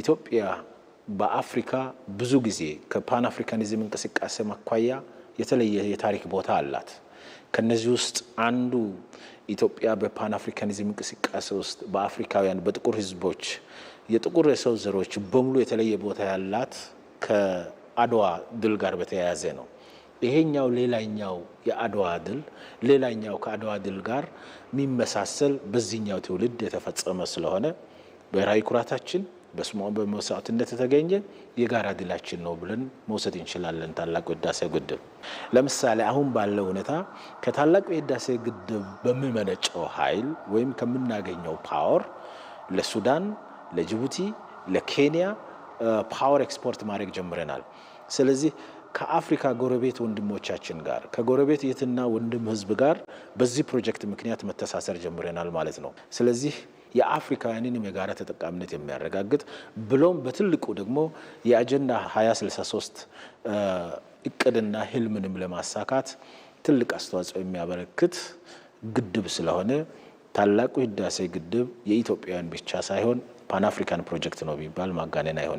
ኢትዮጵያ በአፍሪካ ብዙ ጊዜ ከፓን አፍሪካኒዝም እንቅስቃሴ መኳያ የተለየ የታሪክ ቦታ አላት። ከነዚህ ውስጥ አንዱ ኢትዮጵያ በፓን አፍሪካኒዝም እንቅስቃሴ ውስጥ በአፍሪካውያን በጥቁር ህዝቦች የጥቁር የሰው ዘሮች በሙሉ የተለየ ቦታ ያላት ከአድዋ ድል ጋር በተያያዘ ነው። ይሄኛው ሌላኛው የአድዋ ድል ሌላኛው ከአድዋ ድል ጋር የሚመሳሰል በዚህኛው ትውልድ የተፈጸመ ስለሆነ ብሔራዊ ኩራታችን በስሟ በመስዋዕትነት የተገኘ የጋራ ድላችን ነው ብለን መውሰድ እንችላለን። ታላቁ የህዳሴ ግድብ ለምሳሌ አሁን ባለው ሁኔታ ከታላቁ የህዳሴ ግድብ በሚመነጨው ኃይል ወይም ከምናገኘው ፓወር ለሱዳን፣ ለጅቡቲ፣ ለኬንያ ፓወር ኤክስፖርት ማድረግ ጀምረናል። ስለዚህ ከአፍሪካ ጎረቤት ወንድሞቻችን ጋር ከጎረቤት የትና ወንድም ህዝብ ጋር በዚህ ፕሮጀክት ምክንያት መተሳሰር ጀምረናል ማለት ነው። ስለዚህ የአፍሪካውያንንም የጋራ ተጠቃሚነት የሚያረጋግጥ ብሎም በትልቁ ደግሞ የአጀንዳ 2063 እቅድና ህልምንም ለማሳካት ትልቅ አስተዋጽኦ የሚያበረክት ግድብ ስለሆነ ታላቁ ህዳሴ ግድብ የኢትዮጵያውያን ብቻ ሳይሆን ፓን አፍሪካን ፕሮጀክት ነው ቢባል ማጋነን አይሆንም።